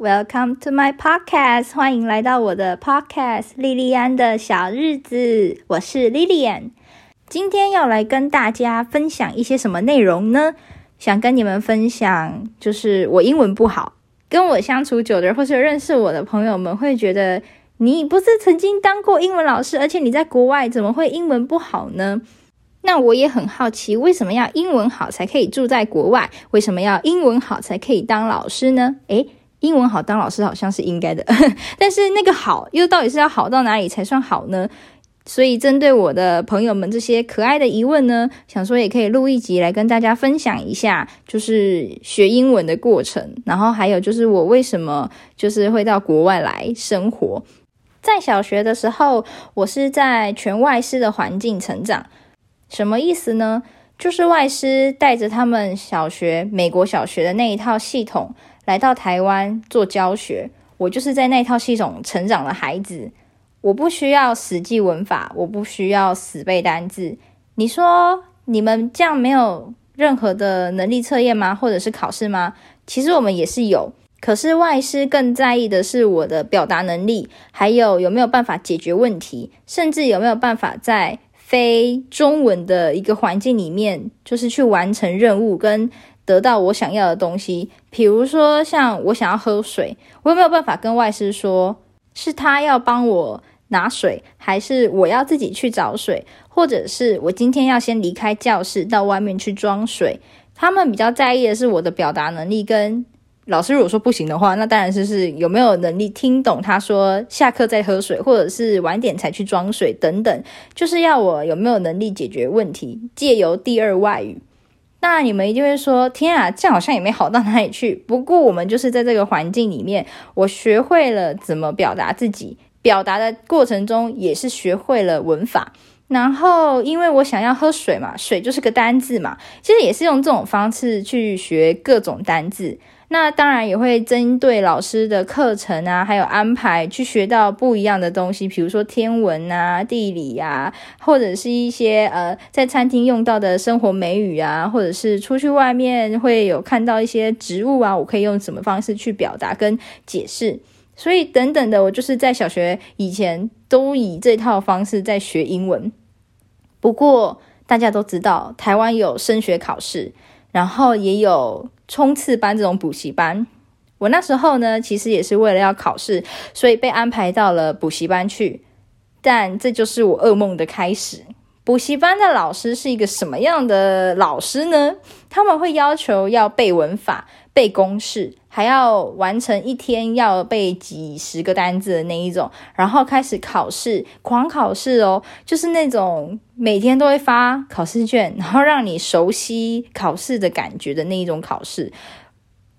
Welcome to my podcast，歡迎來到我的 podcast 莉莉安的小日子。我是莉莉安，今天要來跟大家分享一些什麼內容呢？想跟你們分享，就是我英文不好。跟我相處久的或者認識我的朋友們會覺得，你不是曾經當過英文老師，而且你在國外怎麼會英文不好呢？那我也很好奇，為什麼要英文好才可以住在國外？為什麼要英文好才可以當老師呢？誒。英文好，當老師好像是應該的， 但是那個好又到底是要好到哪裡才算好呢？所以針對我的朋友們這些可愛的疑問呢，想說也可以錄一集來跟大家分享一下，就是學英文的過程，然後還有就是我為什麼就是會到國外來生活。在小學的時候，我是在全外師的環境成長，什麼意思呢？就是外師帶着他們小學、美國小學的那一套系統，來到台灣做教學，我就是在那套系統成長的孩子。我不需要死記文法，我不需要死背單字。你說你們這樣沒有任何的能力測驗嗎？或者是考試嗎？其實我們也是有，可是外師更在意的是我的表達能力，還有有沒有辦法解決問題，甚至有沒有辦法在非中文的一個環境裡面，就是去完成任務跟。得到我想要的東西，比如說像我想要喝水，我有沒有辦法跟外師說，是他要幫我拿水，還是我要自己去找水，或者是我今天要先離開教室到外面去裝水？他們比較在意的是我的表達能力，跟老師如果說不行的話，那當然就是，是有沒有能力聽懂他說下課再喝水，或者是晚點才去裝水等等，就是要我有沒有能力解決問題，借由第二外語。那你們一定會說：“天啊，這樣好像也沒好到哪裡去。”不過我們就是在這個環境裡面，我學會了怎麼表達自己，表達的過程中也是學會了文法。然後，因為我想要喝水嘛，水就是個單字嘛，其實也是用這種方式去學各種單字。那當然也會針對老師的課程啊，還有安排去學到不一樣的東西，比如說天文啊、地理呀、啊，或者是一些呃在餐廳用到的生活美語啊，或者是出去外面會有看到一些植物啊，我可以用什麼方式去表達跟解釋，所以等等的，我就是在小學以前都以這套方式在學英文。不過大家都知道，台灣有升學考試。然後也有衝刺班這種補習班，我那時候呢，其實也是為了要考試，所以被安排到了補習班去。但這就是我噩夢的開始。補習班的老師是一個什麼樣的老師呢？他們會要求要背文法。背公式，還要完成一天要背幾十個單字的那一種，然後開始考試，狂考試哦，就是那種每天都會發考試卷，然後讓你熟悉考試的感覺的那一種考試。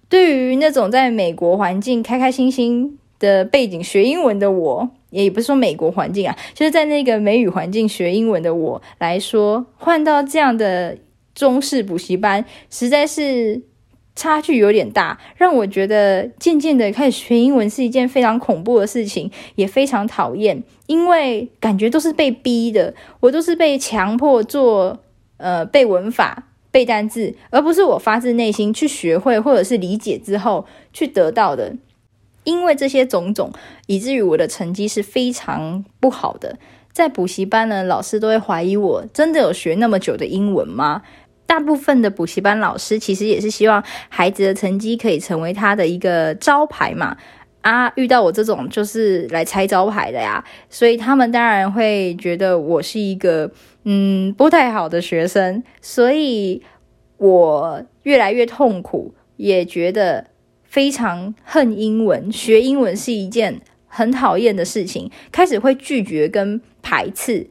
對於那種在美國環境開開心心的背景學英文的我，也不是說美國環境啊，就是在那個美語環境學英文的我來說，換到這樣的中式補習班，實在是。差距有點大，讓我覺得漸漸的開始學英文是一件非常恐怖的事情，也非常討厭，因為感覺都是被逼的，我都是被強迫做，呃，背文法、背單字，而不是我發自內心去學會或者是理解之後去得到的。因為這些種種，以至於我的成績是非常不好的。在補習班呢，老師都會懷疑我真的有學那麼久的英文嗎？大部分的補習班老師其實也是希望孩子的成績可以成為他的一個招牌嘛，啊，遇到我這種就是來拆招牌的呀，所以他們當然會覺得我是一個嗯不太好的學生，所以我越來越痛苦，也覺得非常恨英文。學英文是一件很討厭的事情，開始會拒絕跟排斥。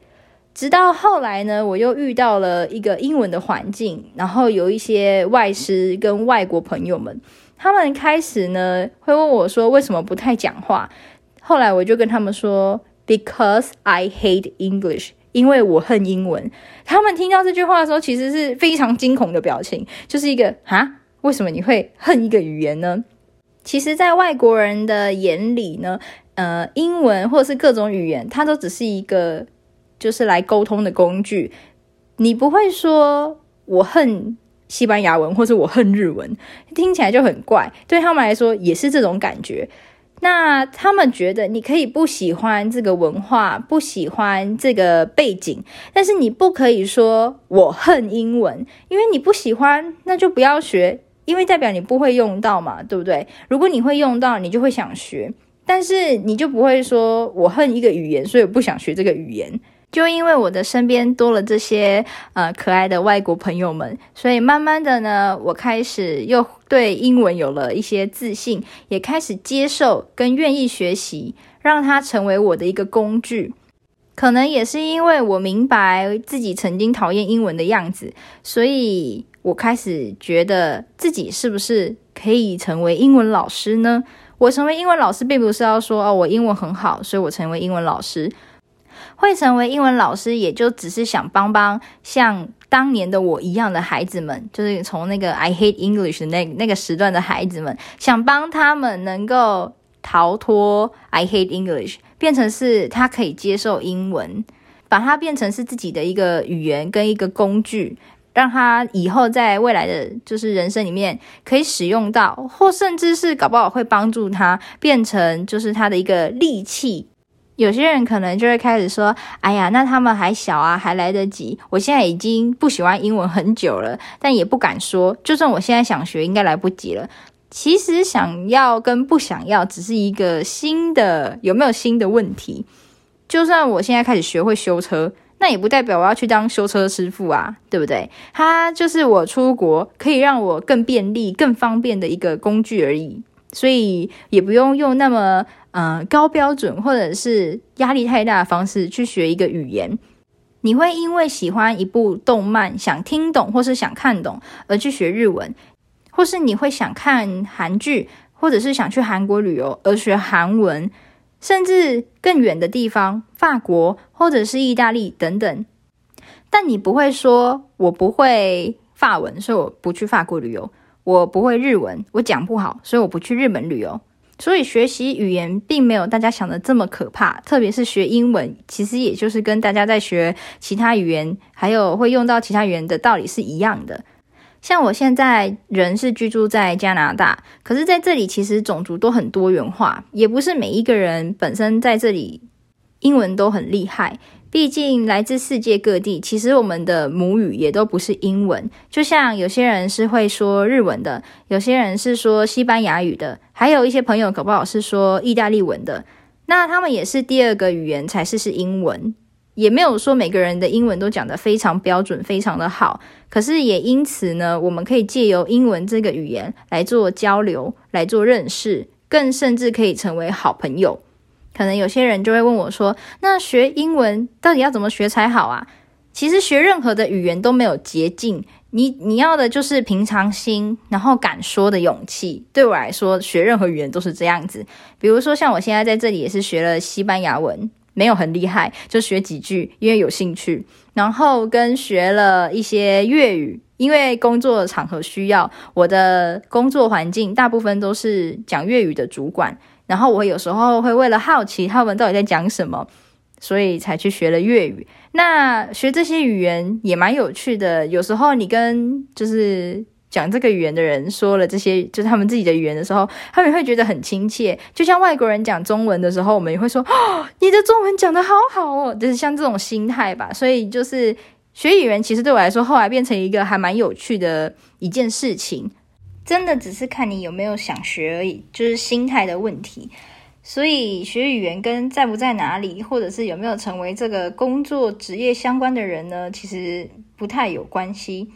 直到後來呢，我又遇到了一個英文的環境，然後有一些外師跟外國朋友們，他們開始呢會問我說：“為什麼不太講話？”後來我就跟他們說：“Because I hate English，因為我恨英文。”他們聽到這句話的時候，其實是非常驚恐的表情，就是一個“啊，為什麼你會恨一個語言呢？”其實，在外國人的眼裡呢，呃，英文或是各種語言，它都只是一個。就是來溝通的工具，你不會說我恨西班牙文，或者我恨日文，聽起來就很怪。對他們來說也是這種感覺。那他們覺得你可以不喜歡這個文化，不喜歡這個背景，但是你不可以說我恨英文，因為你不喜歡，那就不要學，因為代表你不會用到嘛，對不對？如果你會用到，你就會想學，但是你就不會說我恨一個語言，所以我不想學這個語言。就因為我的身邊多了這些呃可愛的外國朋友們，所以慢慢的呢，我開始又對英文有了一些自信，也開始接受跟願意學習，讓它成為我的一個工具。可能也是因為我明白自己曾經討厭英文的樣子，所以我開始覺得自己是不是可以成為英文老師呢？我成為英文老師，並不是要說哦，我英文很好，所以我成為英文老師。會成為英文老師，也就只是想幫幫像當年的我一樣的孩子們，就是從那個 I hate English 的那那個時段的孩子們，想幫他們能夠逃脫 I hate English，變成是他可以接受英文，把它變成是自己的一個語言跟一個工具，讓他以後在未來的就是人生裡面可以使用到，或甚至是搞不好會幫助他變成就是他的一個利器。有些人可能就會開始說：“哎呀，那他們還小啊，還來得及。我現在已經不喜歡英文很久了，但也不敢說。就算我現在想學，應該來不及了。其實想要跟不想要，只是一個新的有沒有新的問題。就算我現在開始學會修車，那也不代表我要去當修車師傅啊，對不對？他就是我出國可以讓我更便利、更方便的一個工具而已，所以也不用用那麼。”呃、嗯，高標準或者是壓力太大的方式去學一個語言，你會因為喜歡一部動漫想聽懂或是想看懂而去學日文，或是你會想看韓劇或者是想去韓國旅遊而學韓文，甚至更遠的地方，法國或者是意大利等等。但你不會說，我不會法文，所以我不去法國旅遊；我不會日文，我講不好，所以我不去日本旅遊。所以學習語言並沒有大家想的這麼可怕，特別是學英文，其實也就是跟大家在學其他語言，還有會用到其他語言的道理是一樣的。像我現在人是居住在加拿大，可是在這裡其實種族都很多元化，也不是每一個人本身在這裡英文都很厲害。畢竟來自世界各地，其實我們的母語也都不是英文。就像有些人是會說日文的，有些人是說西班牙語的，還有一些朋友搞不好是說意大利文的。那他們也是第二個語言才是是英文，也沒有說每個人的英文都講得非常標準、非常的好。可是也因此呢，我們可以借由英文這個語言來做交流、來做認識，更甚至可以成為好朋友。可能有些人就會問我說，說那學英文到底要怎麼學才好啊？其實學任何的語言都沒有捷徑，你你要的就是平常心，然後敢說的勇氣。對我來說，學任何語言都是這樣子。比如說，像我現在在這裡也是學了西班牙文，沒有很厲害，就學幾句，因為有興趣。然後跟學了一些粵語，因為工作場合需要，我的工作環境大部分都是講粵語的主管。然後我有時候會為了好奇他們到底在講什麼，所以才去學了粵語。那學這些語言也蠻有趣的。有時候你跟就是講這個語言的人說了這些就是他們自己的語言的時候，他們也會覺得很親切。就像外國人講中文的時候，我們也會說：“哦，你的中文講得好好哦。”就是像這種心態吧。所以就是學語言，其實對我來說，後來變成一個還蠻有趣的一件事情。真的只是看你有沒有想學而已，就是心態的問題。所以學語言跟在不在哪裡，或者是有沒有成為這個工作職業相關的人呢，其實不太有關係。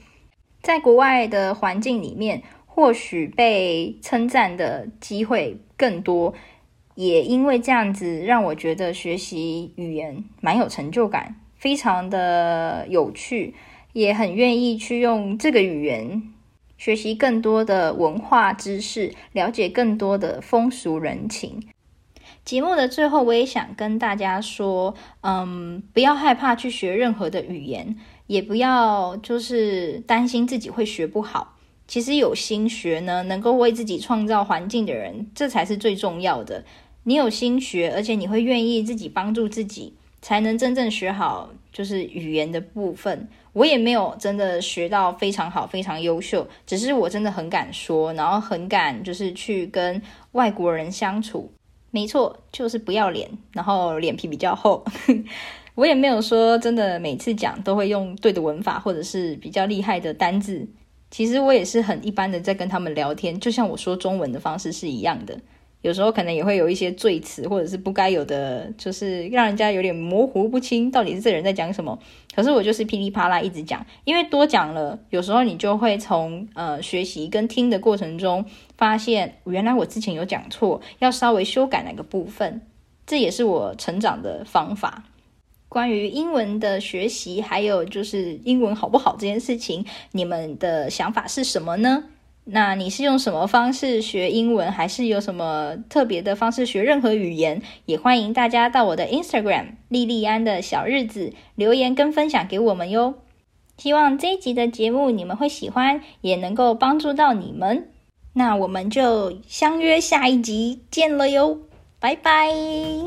在國外的環境裡面，或許被稱讚的機會更多，也因為這樣子讓我覺得學習語言蠻有成就感，非常的有趣，也很願意去用這個語言。學習更多的文化知識，了解更多的風俗人情。節目的最後，我也想跟大家說，嗯，不要害怕去學任何的語言，也不要就是擔心自己會學不好。其實有心學呢，能夠為自己創造環境的人，這才是最重要的。你有心學，而且你會願意自己幫助自己。才能真正學好，就是語言的部分。我也沒有真的學到非常好，非常優秀，只是我真的很敢說，然後很敢就是去跟外國人相處。沒錯，就是不要臉，然後臉皮比較厚。 我也沒有說真的，每次講都會用對的文法或者是比較厲害的單字。其實我也是很一般的，在跟他們聊天，就像我說中文的方式是一樣的。有時候可能也會有一些贅詞，或者是不該有的，就是讓人家有點模糊不清，到底是這人在講什麼。可是我就是噼里啪啦一直講，因為多講了，有時候你就會從呃學習跟聽的過程中發現，原來我之前有講錯，要稍微修改哪個部分。這也是我成長的方法。關於英文的學習，還有就是英文好不好這件事情，你們的想法是什麼呢？那你是用什麼方式學英文，還是有什麼特別的方式學任何語言？也歡迎大家到我的 Instagram“ 莉莉安的小日子”留言跟分享給我們喲。希望這一集的節目你們會喜歡，也能夠幫助到你們。那我們就相約下一集見了喲，拜拜。